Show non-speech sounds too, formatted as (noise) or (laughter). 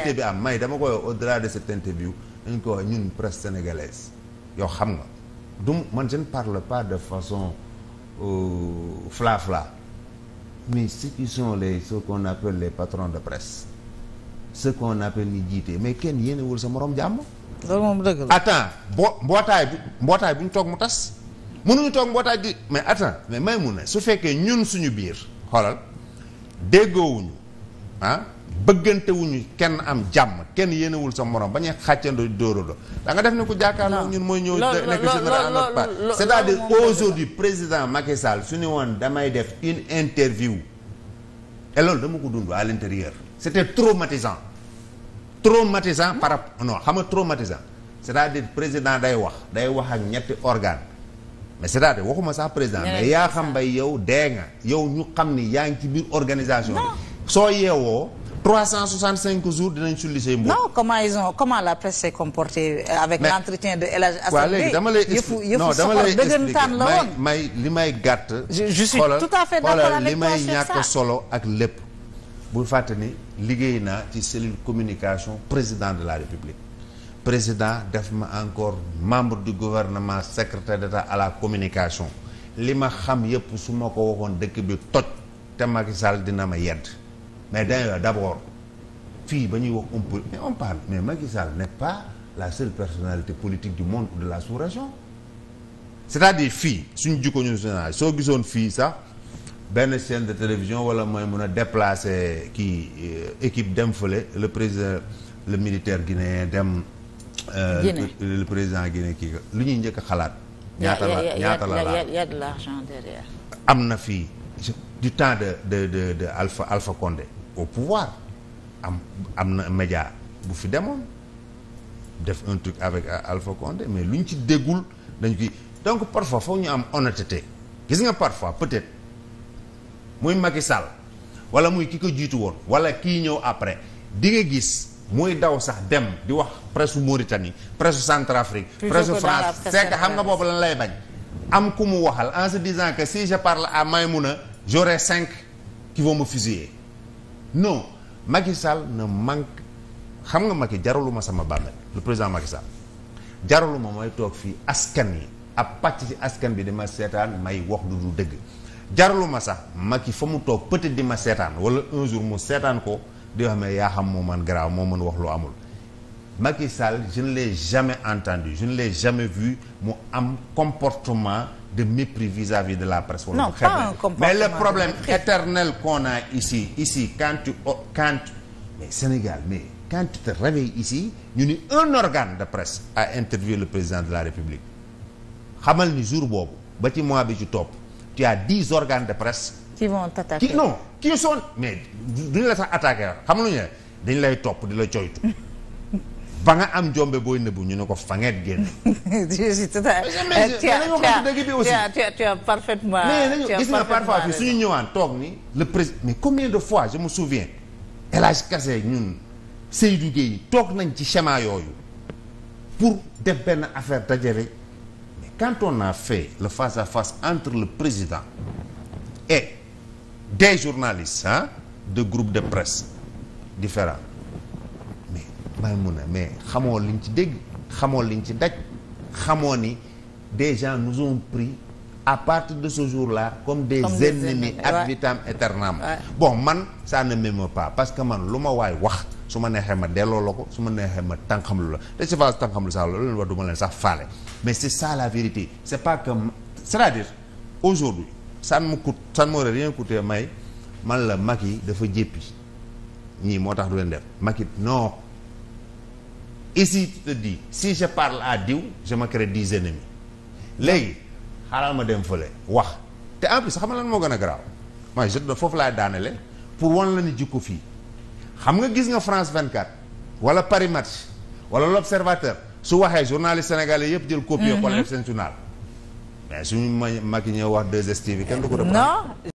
ité bi am may dama koy au delà de cette interview dañ ko wax ñun presse sénégalaise yow xam nga du man je par parle pas de façon euh, fla fla mais ce qui les ce qu'on appelle les de presse ce qu'on appelle ni jiite mais kenn yéenewul sa moroom jàmm loolu moom dëgg la attends boo mbootaay bi mbootaay bu ñu toog mu tas mënuñu toog mbootaay di mais attends mais may mun ne su fekkee ñun suñu biir xoolal déggoowuñu ah bëggantewuñu kenn am jàmm kenn yéenewul sa morom bañ a xàccandoo dóoraloo da nga def ne ko jàkkaarloo ñun mooy ñëw nekk général notre part c'est-à-dire aujourd'hui président Macky Sall su ne woon damay def une interview et loolu dama ko dund à l'intérieur c'était traumatisant traumatisant par rapport non xam nga traumatisant c'est-à-dire président day wax day wax ak ñetti organ mais c'est-à-dire waxuma sax président mais yaa xam bay yow dee nga yow ñu xam ni yaa ngi ci biir organisation soo yeewoo 365 cent dinañ cinq say mbóot. non comment ils comment la presse s'est comportée euh, avec l'entretien de El Hadj Assane. waaw léegi dama lay expliqué non dama may li may gàtt. je suis tout li may ñàkk solo ak lépp. bu fàtte ni liggéey naa ci cellule communication président de la république président def ma encore membre du gouvernement secrétaire d'État à la communication li ma xam yépp su ma ko waxoon dëkk bi toj te Macky dina ma yedd. mais d'ailleurs d'abord fii ba ñuy wax on peut mais on parle mais Macky Sall n'est pas la seule personnalité politique du monde de la sous-région c'est-à-dire fii suñu jikko ñun général soo gisoon fii sax benn chaîne de télévision wala mooy mun a déplacer kii euh, équipe dem fële le président le militaire guinéen dem. Euh, le président guinéen kii lu ñuy njëkk a xalaat. ñaata la ñaata la am na fii du temps de de de de Alpha Alpha Condé. au pouvoir am am na média bu fi demoon def un truc avec euh, Alpha Condé mais lu ñu ci déggul dañ koy donc parfois foog ñu am honnêteté gis nga parfois peut-être muy Macky Sall wala muy ki ko jiitu woon wala kii ñëw après di nga gis muy daw sax dem di wax presse Mauritanie presse Centrafrique presse France c'est que xam nga boobu lañ lay bañ am ku mu waxal en se disant que si je parle à Maïmouna j'aurai cinq qui vont me fusiller non Macky Sall ne manque xam nga Macky jaraluma sama bàmmeel le président Macky Sall jaraluma mooy toog fii askan yi ab pàcc ci askan bi dama seetaan may wax lu du dëgg jaraluma sax Macky fa mu toog peut-être di ma seetaan wala un jour mu seetaan ko di wax mais yaa xam moo man garaaw moo mën wax loo amul Macky Sall je ne l'ai jamais entendu je ne l'ai jamais vu mu am comportement de mépris vis-à-vis de la presse. Non, pas un comportement mais le problème éternel qu'on a ici, ici, quand tu, oh, mais Sénégal, mais quand tu te réveilles ici, ñu ni un organe de presse à interviewé le président de la République. xamal ni jour boobu ba ci mois bi ci topp tu as dix organes de presse. qui vont t'attaquer qui non qui sont mais duñu la sax attaqué xam nga lu ñu lay topp di la coytu. ba nga am jombe booy nëbbu ñu ne ko fangeet génn. (laughs) je suis tout à fait eh, tu as tu as tu as parfaitement. mais gis nga parfois fii su ñu ñëwaan toog ni le président mais combien de fois je me souviens El Hadj Kassé ñun Seydou Gueye toog nañ ci schéma yooyu pour def benn affaire dajale mais quand on a fait le face à face entre le président et des journalistes ah de groupes de presse différents. may mun a mais xamoo liñ ci dégg xamoo liñ ci daj xamoo ni des gens nous ont pris à partir de ce jour-là comme des comme ennemis ad vitam aeternam bon man ça ne m'émeut pas parce que man lu ma waay wax su ma neexee ma delloo la ko su ma neexee ma tànqamlu la te si phase tànqamlu sax loolu leen wax du leen sax faale mais c'est ça la vérité c'est pas que c'est-à-dire aujourd'hui ça ne me coûte ça ne m'aurait rien coûté may man la Macky dafa jéppi ñii moo tax du leen def Macky non ici tu te dis si je parle à diw je me crée dix léegi xaaral ma dem fële wax te en plus xam lan moo gën a garaaw mooy je foofu laay daanele pour wan la ni jikko fii xam nga gis nga France 24 wala Paris Match wala l'Observateur su waxee journaliste sénégalais yëpp jël copie. wala def seen journal mais suñu ma Macky ñëw wax 2STV bi kenn du ko. non.